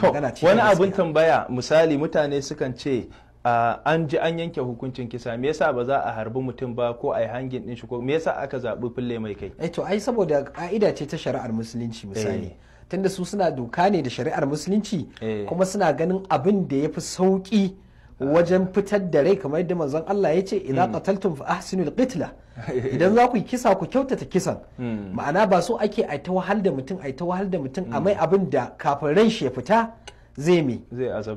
to wani abin tambaya misali mutane sukan ce an ji an yanke hukuncin kisa me yasa ba za a harbi mutum ba ko a yi hangin din shi ko me yasa aka zaɓi fille mai kai eh to ai saboda ka'ida ce ta shari'ar musulunci misali eh. tunda su suna doka ne da shari'ar musulunci eh. kuma suna ganin abin da ya fi sauƙi wajen fitar da rai kamar yadda manzon Allah ya ce idan hmm. qataltum fa ahsinul qitla idan za ku yi kisa ku kyautata kisan hmm. ma'ana ba so ake ai ta wahal da mutum ai ta wahal da mutum a mai hmm. abin da kafin ran shi ya fita zai me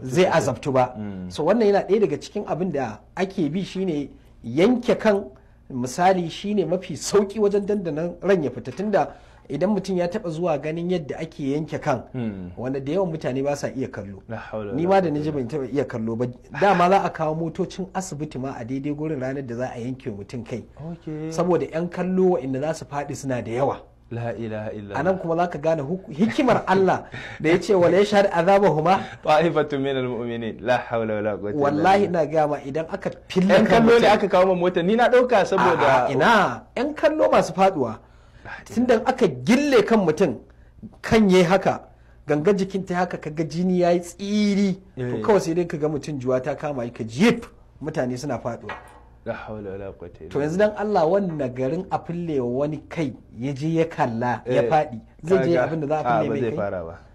zai azabtu ba so wannan yana ɗaya daga cikin abin da ake bi shine yanke kan misali shine mafi sauki wajen dandanan ran ya fita tunda idan mutum ya taba zuwa ganin yadda ake yanke kan hmm. wanda da yawan mutane ba sa iya kallo ni ma da ni ban taba iya kallo ba dama za a kawo motocin asibiti ma a daidai gurin ranar da za a yanke mutum kai saboda yan kallo inda za su faɗi suna da yawa a nan kuma za ka gane hikimar Allah da ya ce wala ya shahad azaba huma ta'ifatu min almu'minin la hawla wala quwwata wallahi ina ga ma idan aka fille kan kallo ne aka kawo mota ni na dauka saboda ina yan kallo masu faduwa tunda aka gille kan mutum kan yayi haka ganga jikin ta haka kaga jini ya yi tsiri to eh. kawai sai dai ka ga mutum juwa ta kama yi ka jip mutane suna faduwa to yanzu dan Allah wannan garin a fille wani kai ya je ya kalla ya eh. fadi. zai je abin da za a fille mai kai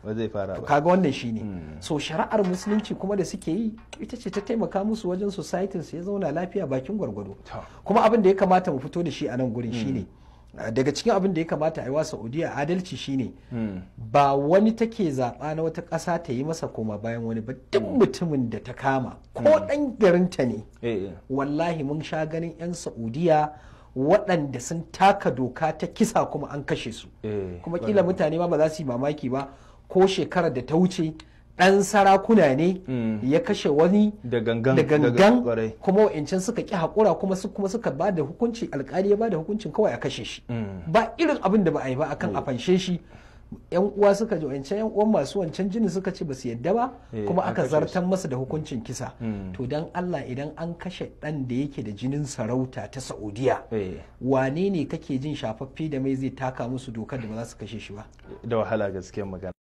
ba zai fara ba kaga wannan shine hmm. so shari'ar musulunci kuma da suke yi ita ce ta taimaka musu wajen society su ya zauna lafiya bakin gwargwado kuma abin da ya kamata mu fito da shi a nan gurin shine hmm. daga cikin abin da ya kamata a yi wa saudiya adalci shine hmm. ba wani take zaɓa na wata ƙasa ta yi masa koma bayan wani ba duk hmm. mutumin da ta kama ko hmm. ɗan garinta ne eh, eh. wallahi mun sha ganin 'yan saudiya waɗanda sun taka doka ta kisa kuma an kashe su eh, kuma kila mutane ba ba za su yi mamaki ba ko shekarar da ta wuce ɗan sarakuna ne mm. ya kashe wani da gangan kuma wa'ancan suka ƙi haƙura kuma kuma suka ba da hukunci alƙali ya ba da hukuncin kawai a kashe shi mm. ba irin abin da ba a yi ba akan a mm. fanshe shi yan uwa suka ji wancan yan uwan masu wancan jini suka ce ba su yadda ba eh, kuma aka zartan masa da hukuncin kisa to dan Allah idan an kashe dan da yake da jinin sarauta ta Saudiya eh. wane ne kake jin shafaffe da mai zai taka musu dokar da ba za su kashe shi ba da wahala gaskiyar magana